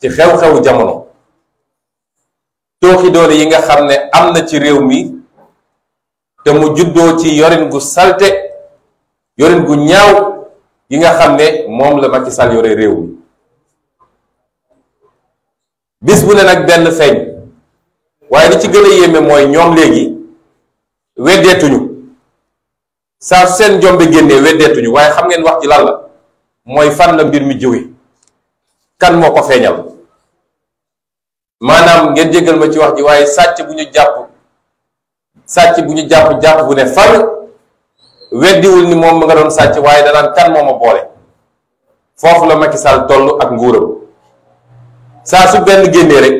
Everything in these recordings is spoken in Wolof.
ci xew-xewu jamono tooxi yi nga xam ne am na ci réew mi te mu juddoo ci yorin gu salte yorin gu ñaaw yi nga xam ne moom la Macky Sall yore réew mi bis bu ne nag benn feeñ waaye li ci gën a yéeme mooy ñoom léegi weddeetuñu saa seen jombe génnee weddeetuñu waaye xam ngeen wax ci lan la mooy fan la mbir mi jóge kan moko feñal manam ngeen jéggal ma ci wax ji waye sacc buñu japp sacc buñu japp japp bu ne ni mom ma nga sacc waye da kan moma ma fofu la Macky Sall tollu ak nguuram sa su benn génné rek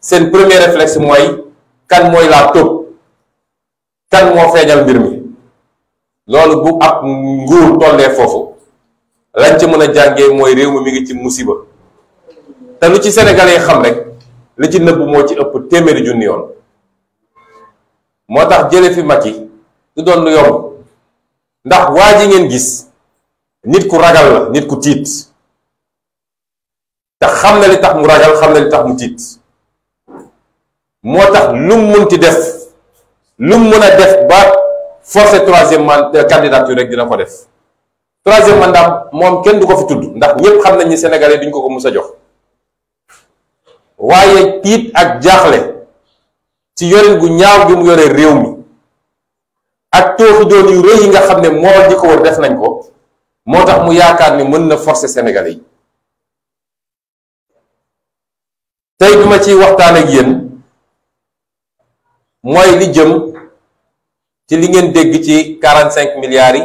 sen premier réflexe moy kan moy la top kan mo feñal mbir mi loolu bu ak nguur tollé fofu lañ ci mëna a moy réew mi ngi ci musiba té lu ci sénégalais xam rek li ci neub mo ci ëpp téeméeri junni yoon motax jëlé fi Macky du doon lu yomb ndax waji ngeen gis nit ku ragal la nit ku tiit té xam na li tax mu ragal xam na li tax mu tiit motax lu mu munti def lu mu mën def ba forcer troisième mandat euh, candidature rek dina ko def troisième mandat mom kenn du ko fi tudd ndax ñepp xam nañ ni sénégalais duñ ko ko mësa jox waaye tiit ak jaaxle ci yorin gu ñaaw gi mu yore réew mi ak tooxi doon yu rëy yi nga xam ne mool di ko def nañ ko moo tax mu yaakaar ni mën na force Sénégalais yi tey bi ma ciy waxtaan ak yéen mooy li jëm ci li ngeen dégg ci quarante cinq milliards yi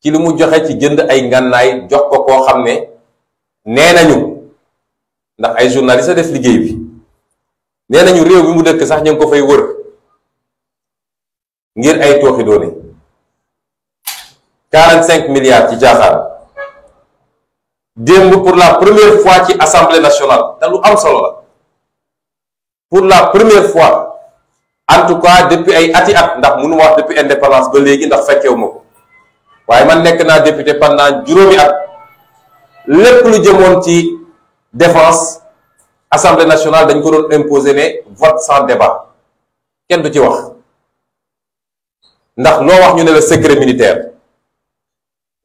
ci li mu joxe ci jënd ay ngànnaay jox ko koo xam ne nee nañu ndax ay journaliste def liguey bi nenañu rew bi mu dekk sax ñang ko fay wër ngir ay tooxi doone 45 milliards ci jaxar démb pour la première fois ci assemblée nationale da lu am solo la pour la première fois en tout cas depuis ay ati at ndax mënu wax depuis indépendance ba légui ndax fekkew mako waye man nek na député pendant juroomi at lepp lu jëmon ci défense assemblée nationale dañ ko doon imposer ne vote sans débat kenn du ci wax ndax lo wax ñu ne le secret militaire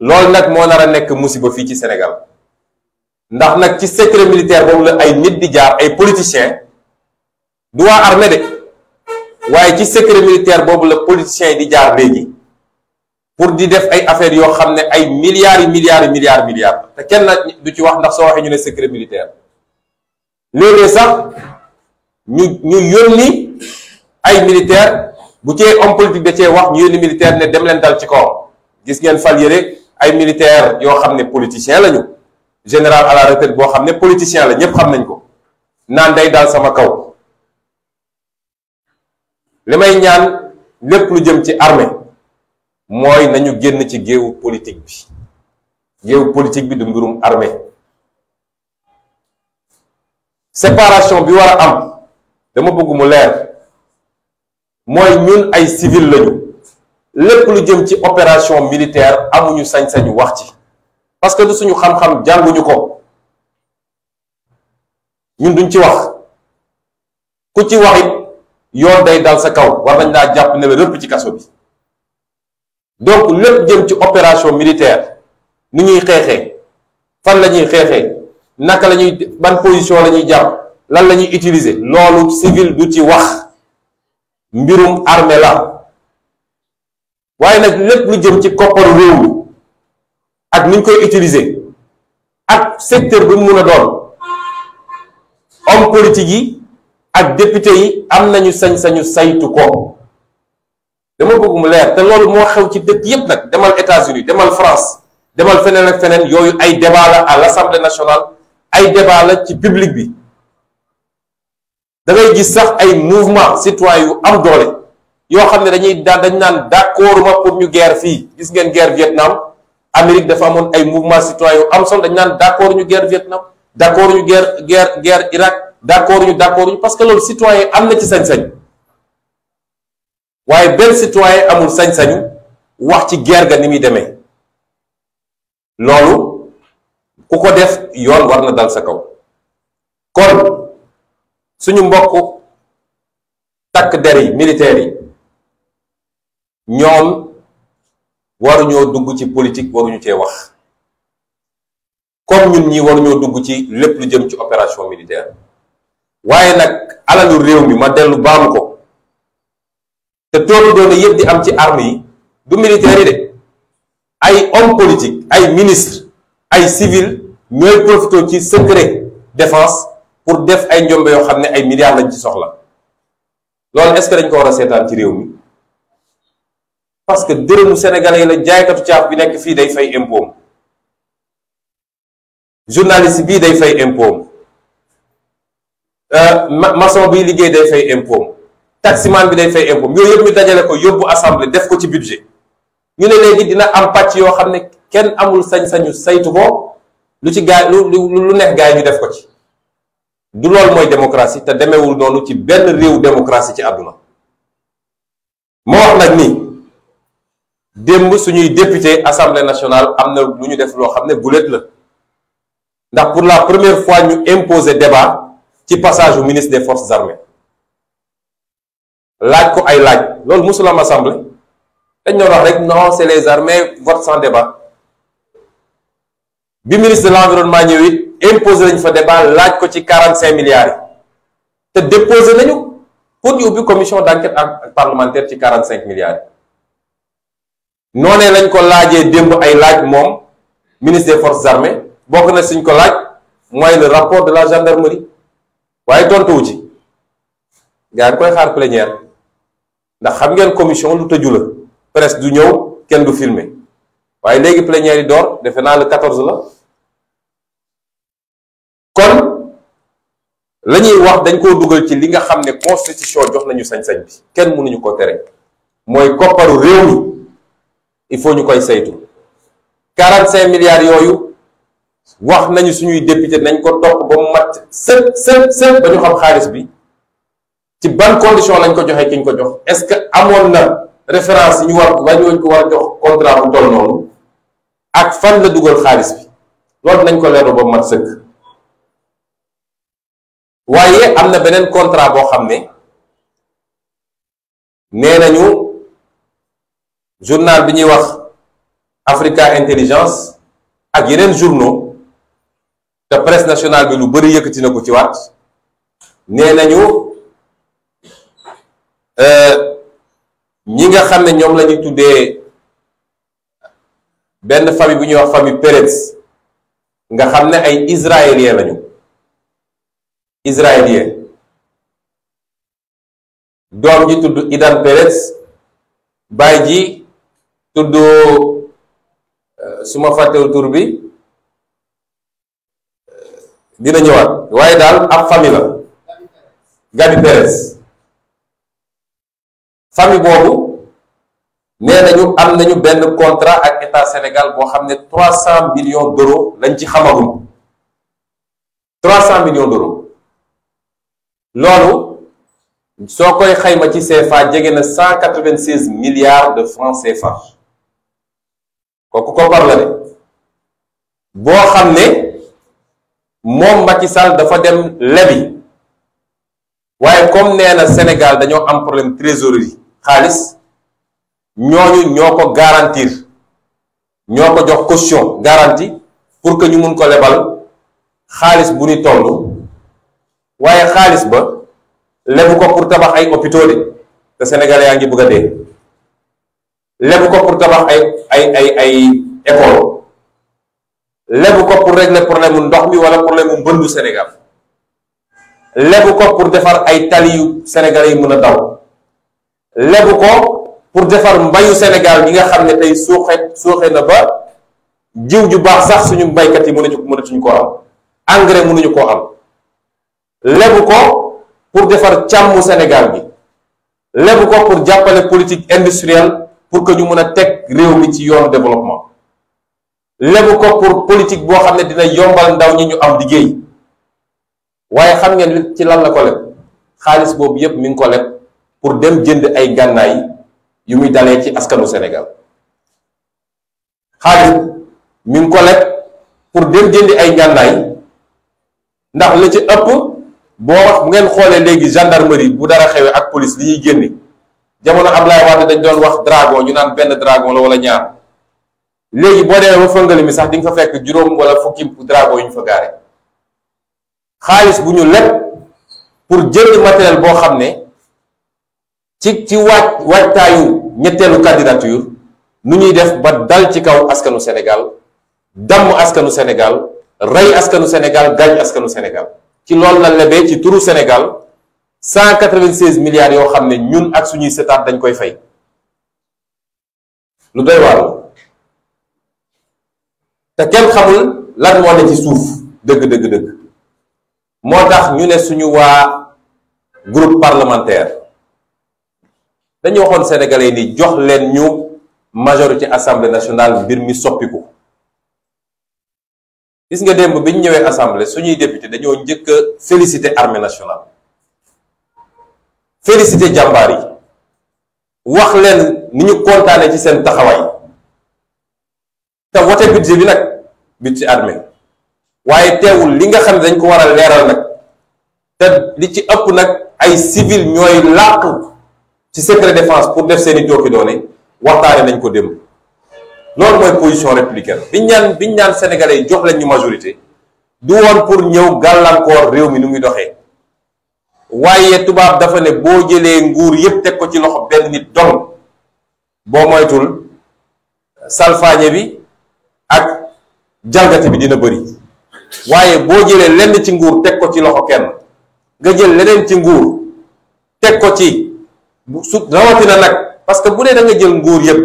loolu nak mo nara nek musiba fi ci Sénégal ndax nak ci secret militaire bobule, la ay nit di jaar ay politiciens de waaye ci secret militaire bobule, la politiciens yi di jaar pour di def ay affaire yo xam ne ay milliards milliards milliards milliards te kenn du ci wax ndax so waxee ñu ne secret militaire lélé sax ñu ñu yoni ay militaire bu ci homme politique da ci wax ñu yoni militaire ne dem leen dal ci ko gis ngeen fal yéré ay militaire yo xam ne politicien lañu général à la retraite bo xam ne politicien la ñepp xam nañ ko nan day dal sama kaw limay ñaan lepp lu jëm ci armée mooy nañu génn ci géewu politique bi géewu politique bi du mbirum armée séparation bi war a am dama bëgg mu leer mooy ñun ay civil lañu lépp lu jëm ci opération militaire amuñu sañ-sañu wax ci parce que du suñu xam-xam jànguñu ko ñun duñ ci wax ku ci wax yoon day dal sa kaw war nañ laa jàpp ne la rëpp ci kaso bi donc lépp jëm ci opération militaire nu ñuy xeexee fan la ñuy xeexee naka la ñuy ban position la ñuy jàpp lan la ñuy utiliser loolu civil du ci wax mbirum armée la waaye nag lépp lu jëm ci kopparu réew mi ak ni ñu koy utiliser ak secteur bu mu mun a doon homme politique yi ak député yi am nañu sañ-sañu saytu ko dama bëgg mu leer te loolu moo xew ci dëkk yépp nag demal États-Unis demal France demal feneen ak feneen yooyu ay débat la à l'Assemblée nationale ay débat la ci public bi da gis sax ay mouvement citoyen yu am doole yoo xam ne dañuy daan dañ naan d'accord ma pour ñu guerre fii gis ngeen guerre Vietnam Amérique dafa amoon ay mouvement citoyen yu am solo dañ naan d'accord ñu guerre Vietnam d'accord ñu guerre geer guerre Irak d'accord ñu d'accord ñu parce que loolu citoyen am na ci sañ-sañ waaye benn citoyen amul sañ-sañu wax ci guerre ga ni muy demee loolu ku ko def yoon war na dal sa kaw kon suñu mbokk takk der yi militaires yi ñoom waruñoo dugg ci politique waruñu cee wax comme ñun ñi waruñoo dugg ci lépp lu jëm ci opération militaire waaye nag alalu réew mi ma dellu baamu ko te toolu doone yëpp di am ci armes yi du militaire yi de ay homme politique ay ministre ay civil ñooy profité ci secret defence pour def ay njombe yoo xam ne ay milliards lañ ci soxla loolu est dañ ko war a seetaan ci réew mi parce que dërëmu sénégalais yi la jaaykatu caaf bi nekk fii day fay impôt journaliste bii day fay euh, ma maçon bi liggéey day fay impôt taximan bi day fay impôt yooyu yëpp ñu dajalé ko yobbu assemblée def ko ci budget ñu né légui dina am patch yo xamné kenn amul sañ-sañu saytu ko lu ci gaay lu lu neex gaay ñu def ko ci du lol moy démocratie té déméwul nonu ci benn réew démocratie ci aduna mo wax nak ni démb suñuy député assemblée nationale amna lu ñu def lo xamné ne la ndax pour la première fois ñu imposer débat ci passage au ministre des forces armées laaj ko ay laaj loolu mosul am assemblée dañ doon wax rek non c'est les armées vote sans débat bi ministre de l'environnement ñëw it imposé fa débat laaj ko ci 45 milliards yi te déposé nañu pour ñu ubbi commission d'enquête parlementaire ci 45 milliards yi noonee lañ ko laajee démb ay laaj moom ministre des forces armées bokk na suñ ko laaj mooy le rapport de la gendarmerie waaye tontuwu ci gaa ngi koy xaar plénière ndax xam ngeen commission lu tëju la presse du ñëw kenn du filmer waaye léegi plénière yi door defe le 14 la kon la wax dañ koo dugal ci li nga xam constitution jox nañu sañ-sañ bi kenn mënuñu ko tere mooy réew mi il faut koy saytu 45 milliards yooyu wax nañu suñuy député nañ ko topp ba mu mat xam xaalis bi ci ban condition lañ ko joxee ki ñu ko jox est-ce que amoon na référence yi ñu war ba ñu ko war a jox contrat bu toll noonu ak fan la dugal xaalis bi loolu nañ ko leeru ba mat sëkk waaye am na beneen contrat boo xam ne nee nañu journal bi ñuy wax Africa Intelligence ak yeneen journaux te presse nationale bi lu bëri yëkkati na ko ci waat nee nañu Euh, ñi nga xam ne ñoom lañu ñu tuddee benn fami bu ñuy wax famille Pérez nga xam ne ay israélien lañu israélien doom ji tudd Idan Pérez baay ji tudd euh, suma ma fàttewul bi dina ñëwaat waaye daal ab famille la Gabi Pérez famille boobu nee nañu am nañu benn contrat ak état Sénégal boo xam ne millions d'euros lañ ci xamagum 300 millions d'euros loolu soo koy xayma ci CFA jege na 196 milliards de francs CFA kooku ko war la de boo xam ne moom Macky Sall dafa dem lebi waaye comme nee na Sénégal dañoo am problème trésorerie xaalis ñooñu ñoo ko garantir ñoo ko jox caution garantie pour que ñu mun ko lebal xaalis bu ni toll waaye xaalis ba lebu ko pour tabax ay hôpitaux de te sénégalais yaa ngi bëgg a dee lebu ko pour tabax ay ay ay ay école lebu ko pour régler problème mu ndox mi wala problème mu mbëndu Sénégal lebu ko pour defar ay tali yu yi mun a daw lebu ko pour defar mbayu Sénégal ñi nga xam ne tey suuxe suuxe na ba jiw ju baax sax suñu mbaykat yi mun mënuñu mënatuñu ko am engrais mënuñu koo am lebu ko pour defar càmm Sénégal bi lebu ko pour jàppale politique industrielle pour que ñu mun a teg réew mi ci yoonu développement lebu ko pour politique boo xam ne dina yombal ndaw ñi ñu am liggéey waaye xam ngeen ci lan la ko leb xaalis boobu yépp mi ngi ko leb pour dem jënd ay gànnaay yu muy dalee ci askanu senegal xaalis mi ngi ko lekk pour dem jëndi ay gànnaay ndax li ci ëpp boo wax bu ngeen xoolee léegi gendarmerie bu dara xewee ak police li ñuy génne jamono Ablaye Wade dañ doon wax dragon ñu naan benn dragon la wala ñaar léegi boo demee ba fëngali mi sax di nga fa fekk juróom wala fukki dragon yu ñu fa gaare xaalis bu ñu lekk pour jënd matériel boo xam ne. ci ci waaj waajtaayu ñetteelu candidature nu ñuy def ba dal ci kaw askanu Sénégal damm askanu Sénégal rey askanu Sénégal gaañ askanu Sénégal ci loolu la lebee ci turu Sénégal 196 milliards yoo xam ne ñun ak suñuy setaat dañ koy fay lu doy waar te kenn xamul lan moo ne ci suuf dëgg dëgg dëgg moo tax ñu ne suñu waa groupe parlementaire. dañu waxoon sénégalais yi ni jox leen ñu majorité assemblée nationale mbir mi soppiku gis nga démb bi ñu ñëwee assemblée suñuy député dañoo njëkk a félicité armée nationale félicité jàmbaar yi wax leen ni ñu kontaanee ci seen taxawaay te voté budget bi nag budget armée waaye teewul li nga xam ne dañ ko war a leeral nag te li ci ëpp nag ay civil ñooy làqu ci secret defence pour def seen i tooki doone waxtaane nañ ko démb loolu mooy position républicaine biñ naan biñ ñaan sénégalais yi jox leen ñu majorité du woon pour ñëw gàllankoor réew mi nu muy doxee waaye tubaab dafa ne boo jëlee nguur yépp teg ko ci loxo benn nit dong boo moytul salfaañe bi ak jalgati bi dina bëri waaye boo jëlee lenn ci nguur teg ko ci loxo kenn nga jël leneen ci nguur teg ko ci bu su rawatina nag parce que bu dee da nga jël nguur yëpp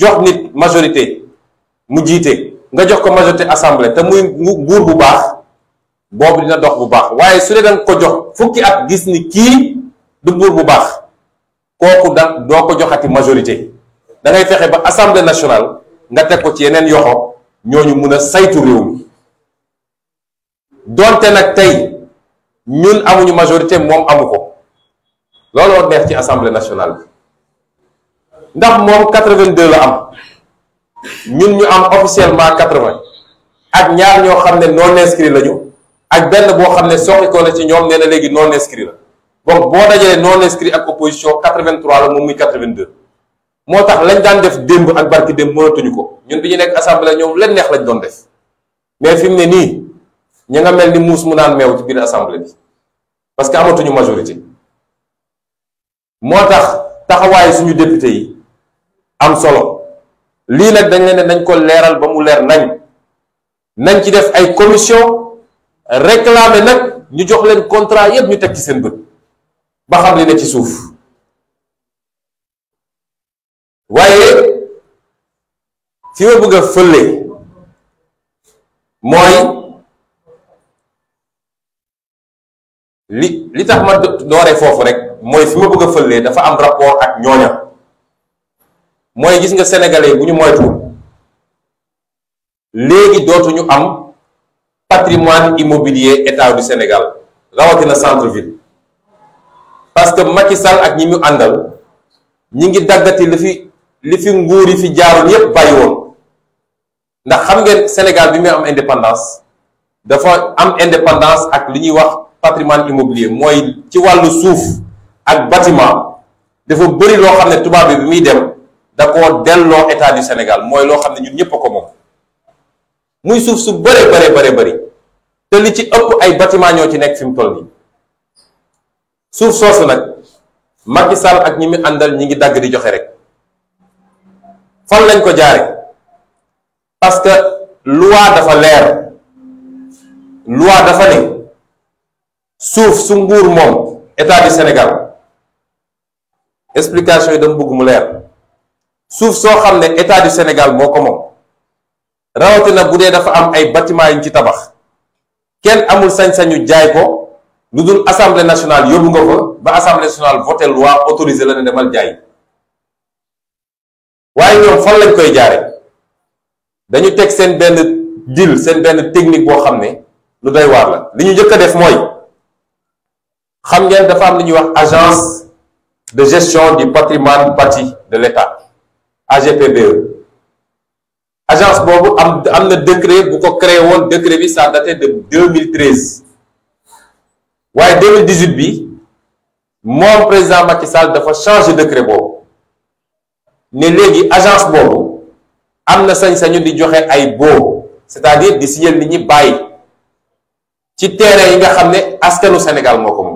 jox nit majorité mu jiite nga jox ko majorité assemblée te muy nguur bu baax boobu dina dox bu baax waaye su dee da ko jox fukki at gis ni kii du nguur bu baax kooku da doo ko joxati majorité da ngay fexe ba assemblée nationale nga teg ko ci yeneen yoxo ñu mun a saytu réew mi donte nag tey ñun amuñu majorité moom amu ko. looloo neex dans assemblée nationale 82 Nous, nous avons officiellement 80 ak ñaar ñoo non inscrit ak benn ci non inscrit la donc non inscrit ak opposition 83 la 82. lañ def ak barki ko ñun assemblée neex lañ doon def mais fi mu ne nii nous avons ni mu naan ci assemblée bi parce que amatuñu majorité. moo tax taxawaayu suñu député yi am solo lii nag dañ leen dañ ko leeral ba mu leer nañ nañ ci def ay commission réclamer nag ñu jox leen contrat yépp ñu teg ci seen bët ba xam li ne ci suuf waaye fi ma bëgg a fële mooy li li tax ma dooree foofu rek mooy fi ma bëgg a dafa am rapport ak ñooña mooy gis nga sénégalais bu ñu moytu léegi dootuñu am patrimoine immobilier état du Sénégal rawatina centre ville parce que Macky Sall ak ñi mu àndal ñi ngi dàggati li fi li fi nguur yi fi jaaroon yépp bàyyi woon ndax xam ngeen Sénégal bi muy am indépendance dafa am indépendance ak li ñuy wax patrimoine immobilier mooy ci wàllu suuf ak bâtiment dafa bëri loo xam ne tubaab bi bi muy dem da koo delloo état du Sénégal mooy loo xam ne ñun ñëpp a ko moom muy suuf su bëree bëree bëree bëri te li ci ëpp ay bâtiment ñoo ci nekk fi toll nii suuf soosu nag Macky Sall ak ñi mu àndal ñi ngi dagg di joxe rek fan lañ ko jaare parce que loi dafa leer loi dafa ne suuf su nguur moom état du Sénégal explication yi dama bëgg mu leer suuf soo xam ne état du Sénégal moo ko moom rawatina bu dee dafa am ay bâtiment yuñ ci tabax kenn amul sañ-sañu jaay ko lu dul assemblée nationale yóbbu nga ko ba assemblée nationale voté loi autorisé la ne demal jaay waaye ñoom fan lañ koy jaare dañu teg seen benn deal seen benn technique boo xam ne lu doy waar la li ñu njëkk a def mooy. xam ngeen dafa am lu ñuy wax agence de gestion du patrimoine bâti de l'État AGPBE agence boobu am am na décret bu ko créé woon décret bi ça daté de 2013 waaye 2018 bi moom président Macky Sall dafa changé décret boobu ne léegi agence boobu am na sañ-sañu di joxe ay boo c'est-à-dire di signer li ñuy bàyyi ci terrain yi nga xam ne askanu Sénégal moo ko moom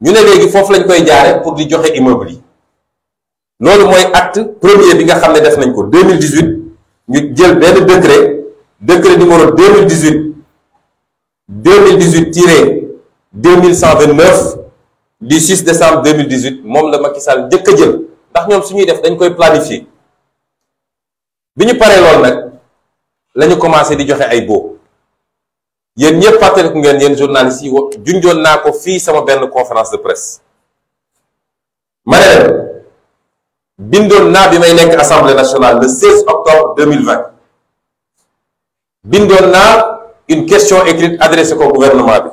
ñu ne léegi foofu lañ koy jaare pour di joxe immeuble yi loolu mooy acte premier bi nga xam ne def nañ ko 2018 ñu jël benn décret décret numéro 2018 2018 2129 du 6 décembre 2018 moom la Macky Sall njëkk a jël ndax ñoom suñuy def dañ koy planifier bi nous paree loolu nag la ñu commencé di joxe ay baux yéen ñëpp ko ngeen yéen journalistes yi juñjon na ko fi sama ben conférence de presse mané bindon na bi may nek assemblée nationale le 16 octobre 2020 bindon na une question écrite adressée ko gouvernement bi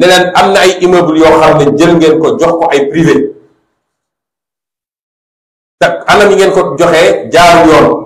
ne leen am na ay immeuble yo xam ne jël ngeen ko jox ko ay privé tak anam yi ngeen ko joxee jaarul yoon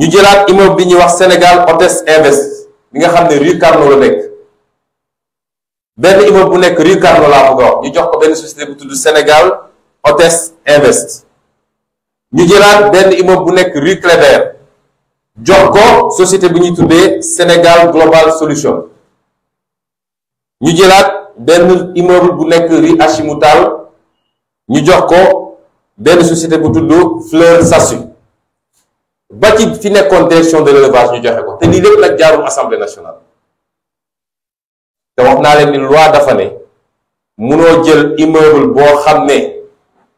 ñu jëlaat immeuble bi ñuy wax Sénégal Hôtes Invest bi nga xam ne Rue Carnot la nekk benn immeuble bu nekk Rue Carnot laa bëgg wax ñu jox ko benn société bu tudd Sénégal Hôtes Invest ñu jëlaat benn immeuble bu nekk Rue Cléber jox ko société bi ñuy tuddee Sénégal Global Solution ñu jëlaat benn immeuble bu nekk Rue achimoutal ñu jox ko benn société bu tudd Fleur Sassu ba ci fi nekkoon direction de l'élevage ñu joxe ko te lii lépp nag assemblée nationale Donc, nous naa une ni loi dafa ne munoo jël immeuble boo xam ne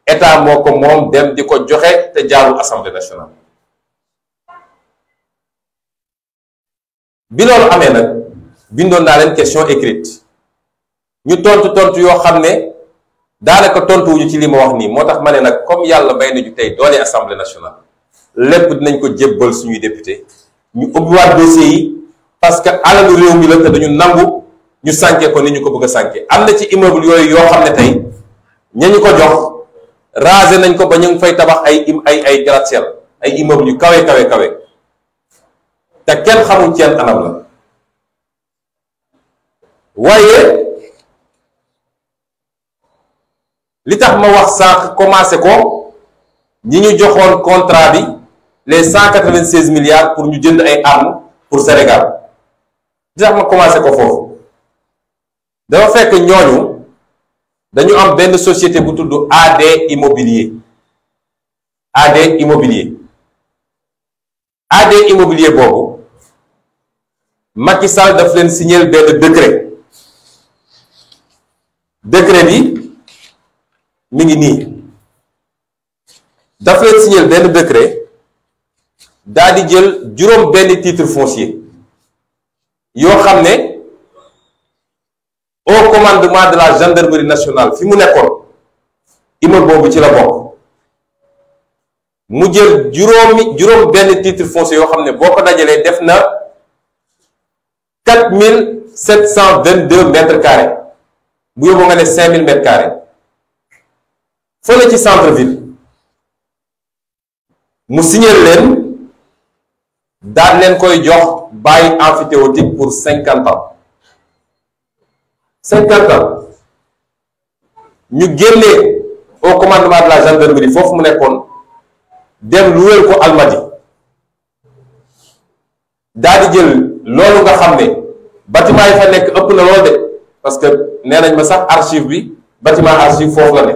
état moo ko moom dem di ko joxe te jaarul assemblée nationale bi loolu amee nag bindoon naa leen question écrite ñu tontu tontu y xam ne daanaka tontuwuñu ci li ma wax ni moo tax ma ne y comme le bay du tey dans assemblée nationale. lépp dinañ ko jébbal suñuy député ñu ubbiwaat dossier yi parce que alalu réew mi la te dañu nangu ñu sànke ko ni ñu ko bëgg a sànke am na ci immeuble yooyu yoo xam ne tey ña ñu ko jox rasé nañ ko ba ñu ngi fay tabax ay im ay ay gratte-ciel ay immeuble yu kawe kawe kawe te kenn xamul seen anam la waaye li tax ma wax sànq commencé ko ñi ñu joxoon contrat bi les cent quatre vingt seize milliards pour ñu jënd ay armes pour Sénégal di tax ma commencé ko foofu dafa fekk ñooñu dañu am benn société bu tudd AD immobilier AD immobilier AD immobilier boobu Macky Sall daf leen signer benn décret décret bi mi ngi nii daf leen signer benn décret dadi jël juróom benn titre foncier yoo xam au commandement de la gendarmerie nationale fi mu nekkoon immeuble boobu ci la bokk mu jël juróomi juróom benn titre foncier yoo xam ne boo ko dajalee def na 4722 mètres carrés bu yóbbu nga ne 5000 mètres carrés fële ci centre ville mu signal leen daal len koy jox bail emphytéotique pour 50 ans 50 ans ñu génnee au commandement de la gendarmerie fofu mu nekkon dem wër ko almadi daal jël lolu nga xamné bâtiment yi fa nekk ëpp na lool de parce que nee ma sax archive bi bâtiment archive fofu la ne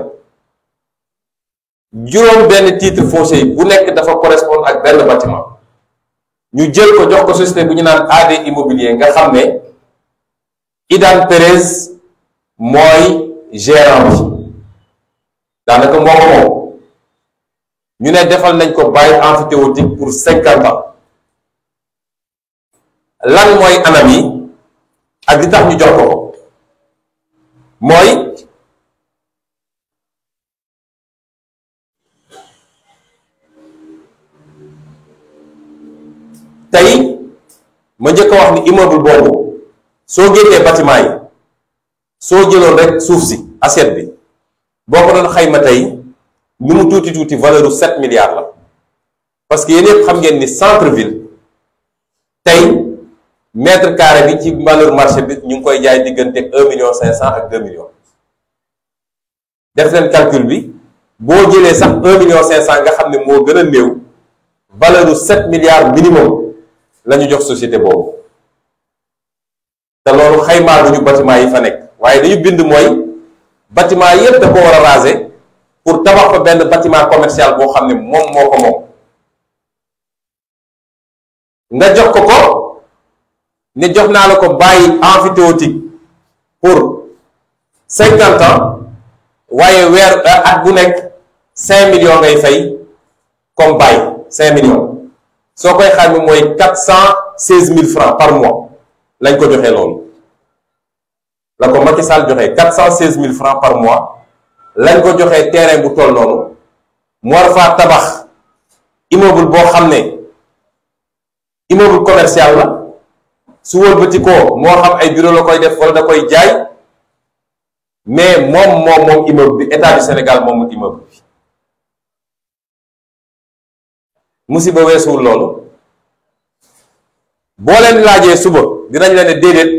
juróom benn titre foncier yi bu nekk dafa correspondre ak benn bâtiment ñu jël ko jox ko société bu ñu naan AD immobilier nga xam ne Idan Perez mooy gérant daanaka moo moom ñu ne defal nañ ko bail emphytéotique pour cinquante ans lan mooy anam yi ak li tax ñu jox ko mooy tey ma njëkk a wax ni immeuble boobu soo génnee bâtiment yi soo jëloon rek suuf si assiette bi boo ko doon xayma tey lu mu tuuti tuuti valeur u 7 la parce que yeneen xam ngeen ni centre ville tey mètre carré bi ci valeur marché bi ñu ngi koy jaay diggante 1 million 500 ak 2 millions def leen calcul bi boo jëlee sax 1 million 500 nga xam ne moo gën a néew valeur u 7 milliards la jox société boobu te loolu xaymaa lu ñu yi fa nekk waaye dañu bind mooy bâtiment yépp da ko war a raser pour tabax fa benn bâtiment commercial boo xam ne moom moo ko moom nga jox ko ko ne jox naa la ko bàyyi emphytéotique pour cinquante ans waaye weer euh, at bu nekk cinq millions ngay fay comme bàyyi cinq millions so koy xam moy 000 francs par mois lañ ko joxé lool la ko francs par mois lañ ko un terrain bu toll immeuble bo xamné immeuble commercial la su mo xam ay bureau la def wala mais mom immeuble du Sénégal immeuble musiba weesuwul loolu boo leen laajee suba dinañ leen ne déedéet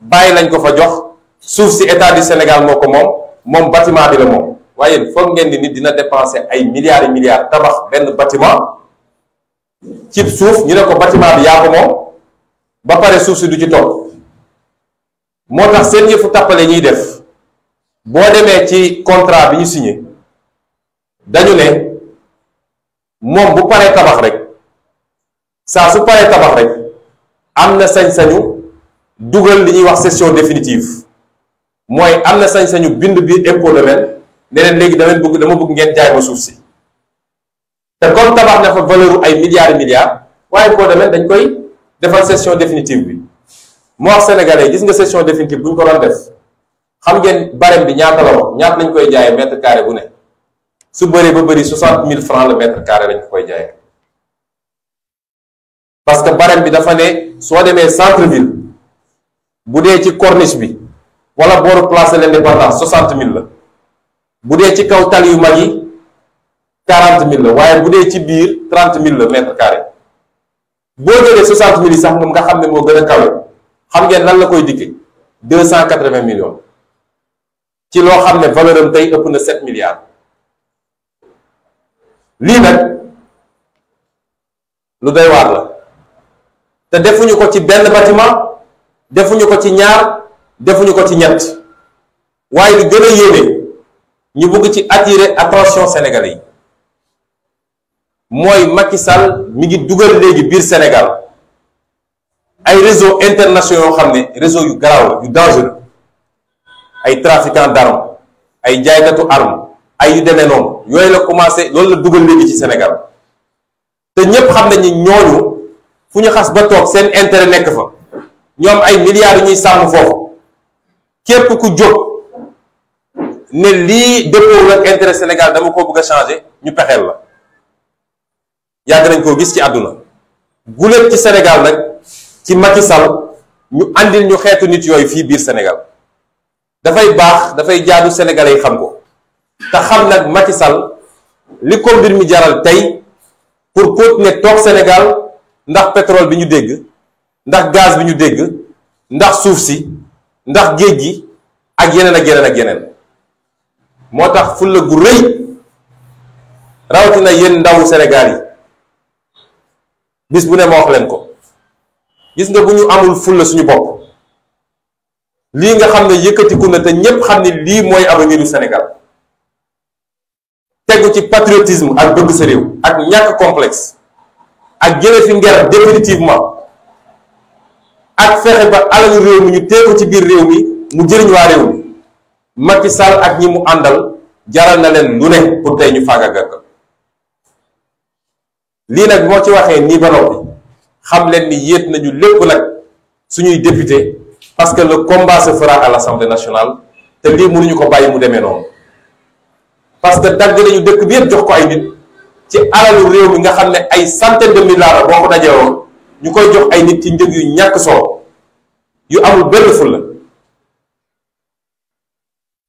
bàyyi lañ ko fa jox suuf si état du Sénégal moo ko moom moom bâtiment bi la moom waaye foog ngeen di nit dina dépenser ay milliards et tabax benn bâtiment ci suuf ñu ne ko bâtiment bi yaa ko moom ba pare suuf si du ci topp moo tax seen yëfu tàppale ñuy def boo demee ci contrat bi ñu signé dañu ne moom bu paree tabax rek saa su paree tabax rek am na sañ-sañu dugal li ñuy wax cession définitive mooy am na sañ-sañu bind bi impôt domaine ne léegi dama bëgg dama bëgg ngeen jaay ma suuf si te comme tabax na fa valeur ay milliards milliards waaye impôt domaine dañ koy defal cession définitive bi moo wax sénégalais gis nga cession définitive bu ñu ko doon def xam ngeen barème bi ñaata la woon ñaata lañ koy jaayee mètre carré bu ne. su beure ba beuri 60000 francs le mètre carré lañ koy jaay parce que barème bi dafa né so démé centre ville boudé ci corniche bi wala boru place de l'indépendance 60000 la boudé ci kaw tal yu magi 40000 la waye boudé ci bir 30000 le mètre carré bo jëlé 60000 sax nga xamné mo gëna kawé xam ngeen lan la koy diggé 280 millions ci lo xamné tay ëpp na 7 milliards lii nag lu doy war la te defuñu ko ci benn bâtiment defuñu ko ci ñaar defuñu ko ci ñett waaye lu gën a yéeme ñu bugg ci attirer attention sénégalais yi mooy Macky Sall mi ngi dugal léegi biir Sénégal ay réseau international yoo xam ne réseau yu garaaw la yu dangereux ay trafiquants d'armes ay jaaykatu armes ay yu demee noonu yooyu la commencé loolu la dugal léegi ci Sénégal te ñépp xam nañ ni ñooñu fu ñu xas ba toog seen intérêt nekk fa ñoom ay milliards yu ñuy sàmm foofu képp ku jóg ne lii dëppoo ak intérêt Sénégal dama ko bëgg a changer ñu pexeel la yàgg nañ koo gis ci àdduna guléet ci Sénégal nag ci Macky Sall ñu indi ñu xeetu nit yooyu fii biir Sénégal dafay baax dafay jaadu sénégalais yi xam ko te xam nag Macky Sall li ko mbir mi jaral tey pour continuer toog senegal ndax pétrole bi ñu dégg ndax gaz bi ñu dégg ndax suuf si ndax géej gi ak yeneen ak yeneen ak yeneen moo tax fulla gu rëy rawatina yéen ndawu Sénégal yi bis bu ne ma wax leen ko gis nga bu ñu amul fulla suñu bopp lii nga xam ne ku na te ñépp xam ne lii mooy avenir du Sénégal tegu ci patriotisme ak bëgg sa réew ak ñàkk complexe ak jële fi nger définitivement ak fexe ba alalu réew mi ñu tee ci biir réew mi mu jëriñ waa réew mi Macky Sall ak ñi mu àndal jaral na leen lu ne pour tey ñu faagaagal lii nag moo ci waxee nii ba xam leen ni yéet nañu lépp nag suñuy député parce que le combat se fera à l'Assemblée nationale te lii mënuñu ko bàyyi mu demee noonu. parce que dagg nañu dëkk bi yëpp jox ko ay nit ci alalu réew mi nga xam ne ay centaine de milliards boo ko dajewoon ñu koy jox ay nit ci njëg yu ñàkk solo yu amul benn fulla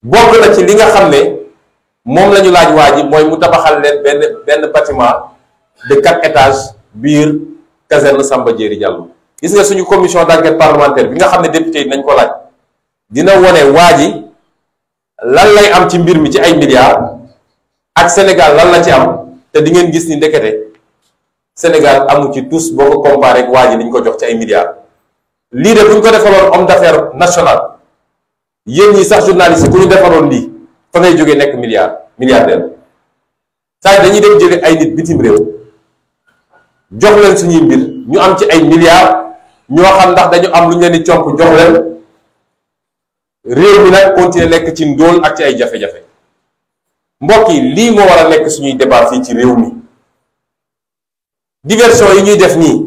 bokk na ci li nga xam ne moom la laaj waa ji mooy mu tabaxal leen benn benn bâtiment de quatre étages biir caserne Samba Diéry Diallo gis nga suñu commission d'enquête parlementaire bi nga xam ne député yi nañ ko laaj dina wone waa yi lan lay am ci mbir mi ci ay milliards ak senegal lan la ci am te di ngeen gis ni ndekete Senegal amu ci tous boko comparer ak waji niñ ko jox ci ay media li de buñ ko defalon homme d'affaires national yeen ñi sax journaliste yi defalon li fa ngay joge nek milliard milliardaire sa dañuy dem jëlé ay nit bitim rew jox leen suñu mbir ñu am ci ay milliard ñoo xam ndax dañu am luñu leen di jox leen rew mi nak continuer ci ndol ak ci ay jafe-jafe mbokk yi lii moo war a nekk suñuy débat fii ci réew mi diversion yi ñuy def nii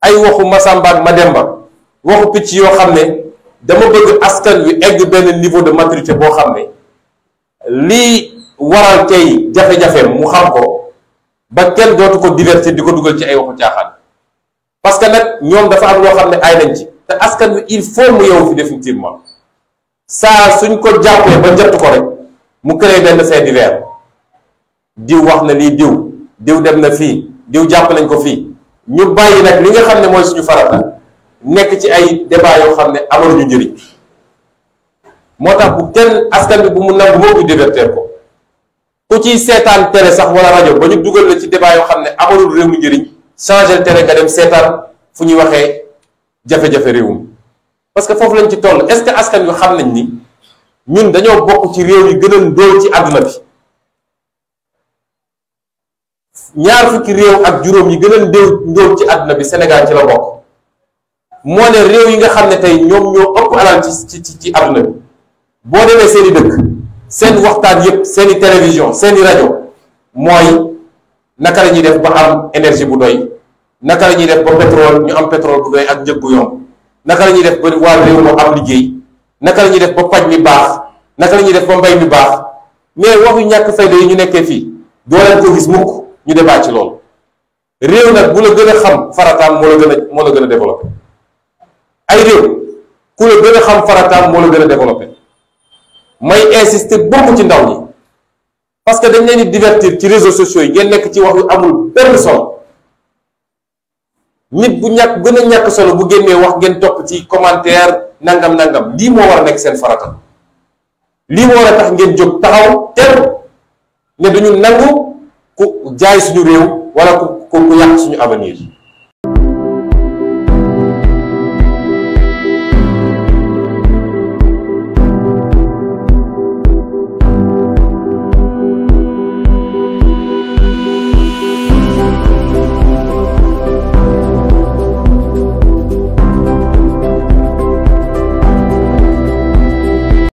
ay waxu Masamba ma demba waxu picc yoo xam ne dama bëgg askan wi egg benn niveau de maturité boo xam ne lii waral tey jafe-jafe mu xam ko ba kenn dootu ko divertir di ko dugal ci ay waxu caaxaan parce que nag ñoom dafa am loo xam ne ay nañ ci te askan wi il faut mu yow fi définitivement saa suñ ko jàppee ba jot ko rek. mu créé benn fait divers diw wax na lii diw diw dem na fii diw jàpp nañ ko fii ñu bàyyi nag li nga xam ne mooy suñu farata nekk ci ay débat yoo xam ne amaluñu njëriñ moo tax bu kenn askan bi bu mu nangu moo ko ko ku ciy seetaan télé sax wala rajo ba ñu dugal la ci débat yoo xam ne amalul réew mi njëriñ changer télé nga dem seetaan fu ñuy waxee jafe-jafe réewum parce que foofu lañ ci toll est-ce que askan wi xam nañ ni. ñun dañoo bokk ci réew yi gën a ndóol ci àdduna bi ñaar fukki réew ak juróom yi gën a ndóol ndóol ci àdduna bi Sénégal ci la bokk moo ne réew yi nga xam ne tey ñoom ñoo ëpp alal ci ci ci àdduna bi boo demee seeni dëkk seen waxtaan yépp seeni télévision seeni rajo mooy naka la ñuy def ba am énergie bu doy naka la ñuy def ba pétrole ñu am pétrole bu doy ak njëg bu yomb naka la ñuy def ba waa réew moo am liggéey naka la ñuy def ba paj mi baax naka la ñuy def ba mbay mi baax mais waxu ñàkk fayda yi ñu nekkee fii doo leen ko gis mukk ñu débat ci loolu réew nag bu la gën a xam farataam moo la gën a moo la gën a développé ay réew ku la gën a xam farataam moo la gën a développé may insister bokk ci ndaw ñi parce que dañ leen di divertir ci réseaux sociaux yi ngeen nekk ci wax yu amul benn solo nit bu ñàkk gën a ñàkk solo bu génnee wax ngeen topp ci commentaire nangam nangam lii moo war a nekk seen farata lii moo war a tax ngeen jóg taxaw teru ne duñu nangu ku jaay suñu réew wala ku ku yàq suñu avenir